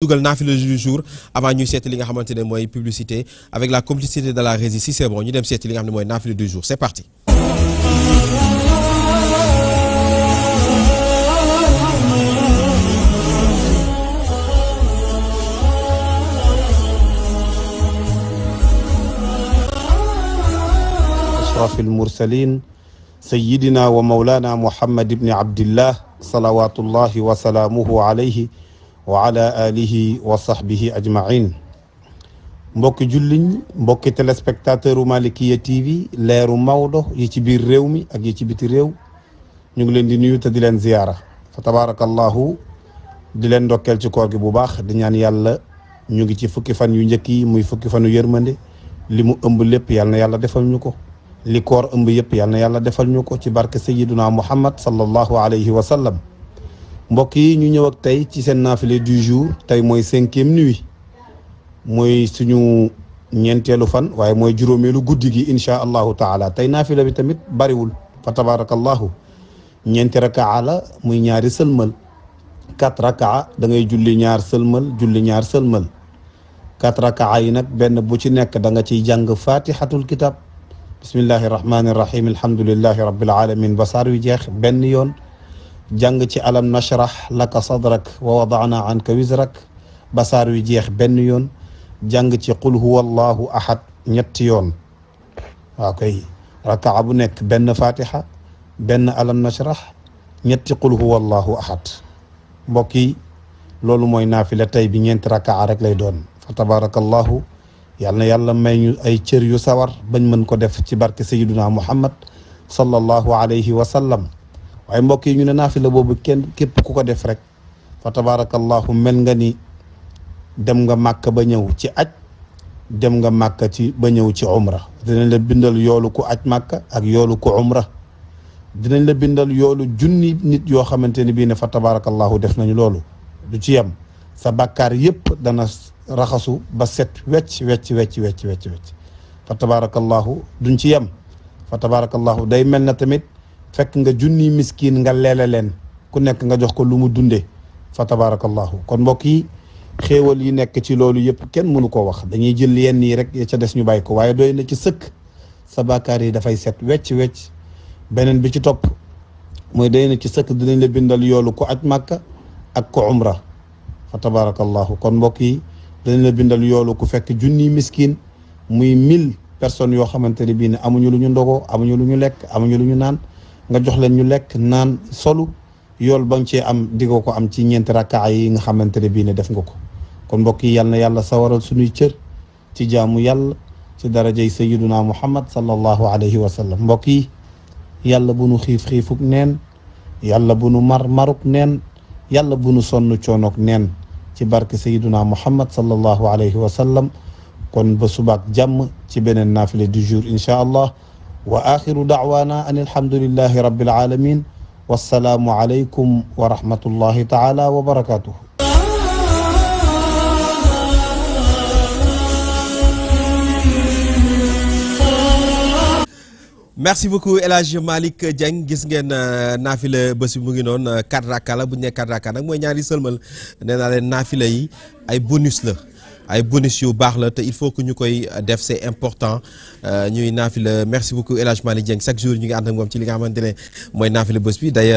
dugal naafila du jour avant ñu seeti li nga xamante ne publicité avec la complicité de la régie c'est bon ñu dem seeti li nga xam ne mooy le du jour c'est parti. ashraf al-mursalin sayyidina wa mawlana muhammad ibn abdillah salawatullahi wa salaamuhu alayhi wa ala alihi wa sahbihi ajmain mbokki julliñ mbokki téléspectateur u Malikiya TV leeru Maodo yi ci biir réew mi ak yi ci biti réew ñu ngi leen di nuyu te di leen ziyaara fa tabarakallahu di leen ndokkeel ci koor gi bu baax di ñaan yàlla ñu ngi ci fukki fan yu njëkk yi muy fukki fan yu yërmande li mu ëmb lépp yàlla na yàlla defal ñu ko li koor ëmb yëpp yàlla na yàlla defal ñu ko ci barke sayyiduna muhammad sallallahu alayhi wa sallam mbokk yi ñu ñëw ak tey ci seen naafile du jour tey mooy cinquième nuit mooy suñu ñeenteelu fan waaye mooy juróomeelu guddi gi incha allahu taala tey naafila bi tamit bariwul fa tabarakallahu ñeenti rakaa la muy ñaari sëlmal quatre rakaa da ngay julli ñaar sëlmal julli ñaar sëlmal quatre rakaa yi nag benn bu ci nekk da nga ciy jàng fatihatul kitab bismillahi rahmani rahim alhamdulillahi rabbil alamin ba saar wi jeex benn yoon jàng ci alam nashrah laka sadrak wa wadaana anka wisrak basaar wi jeex benn yoon jàng ci qul huwa allahu ahad ñetti yoon waaw kay rakaa bu nekk benn fatiha benn alam nashrah ñetti qul huwa allahu ahad mbokk yi loolu mooy naafila tey bi ñeenti rakaa rek lay doon fa tabarakallahu yal na yàlla may ñu ay cër yu sawar bañ mën ko def ci barke sayiduna muhammad sallallahu alayhi wa sallam waaye mbokk yi ñu ne naafila boobu kenn képp ku ko def rek fa tabaarakallahu mel nga ni dem nga màkk ba ñëw ci aj dem nga màkk ci ba ñëw ci umra dinañ la bindal yoolu ku aj màkk ak yoolu ku umra dinañ la bindal yoolu junni nit yoo xamante ni bii ne fa tabaarakallahu def nañu loolu du ci yem sa bakkaar yëpp dana raxasu ba set wecc wecc wecc wecc wecc wecc fa tabaarakallahu duñ ci yem fa tabaarakallahu day mel na tamit fekk nga junni miskiin nga leele leen ku nekk nga jox ko lu mu dunde fa tabarakallahu kon mbokk yi xéewal yi nekk ci loolu yëpp kenn mënu ko wax dañuy jël yenn yi rek ca des ñu bàyyi ko waaye doy na ci sëkk sa baakaar yi dafay set wecc wecc beneen bi ci topp mooy doy na ci sëkk dinañ la bindal yoolu ku aj màkka ak ku umra fa tabarakallahu kon mbokk yi dinañ la bindal yoolu ku fekk junni miskiin muy mille personnes yoo xamante ne bii ne amuñu lu ñu ndogoo amuñu lu ñu lekk amuñu lu ñu naan nga jox leen ñu lekk naan solu yool ba nga cee am di ko am ci ñeenti rakkaa yi nga xamante ne bii ne def nga ko kon mbokk yi yal na yàlla sawaral suñuy cër ci jaamu yàlla ci darajay sayiduna muhammad sallallahu alayhi wa sallam mbokk yi yàlla bu nu xiif-xiifuk neen yàlla bu nu mar maruk neen yàlla bu nu sonn coonoog neen ci barke sayiduna muhammad sallallahu alayhi wa sallam kon ba subaak jàmm ci beneen naafile du jour incha allah واخر دعوانا ان الحمد لله رب العالمين والسلام عليكم ورحمه الله تعالى وبركاته merci beaucoup El Malik Dieng gis ngeen euh, nafile bés bi mu ngi non euh, quatre rakka la bu ñu nee quatre moy ñaari sëlmal nee naa leen naafila yi ay bonus la ay bonus yu bax la te il faut que ñukoy def c'est important euh, ñuy nafile merci beaucoup El Malik Dieng chaque jour ñu ngi and ak moom ci li nga xamante moy nafile naafila bi d'ailleurs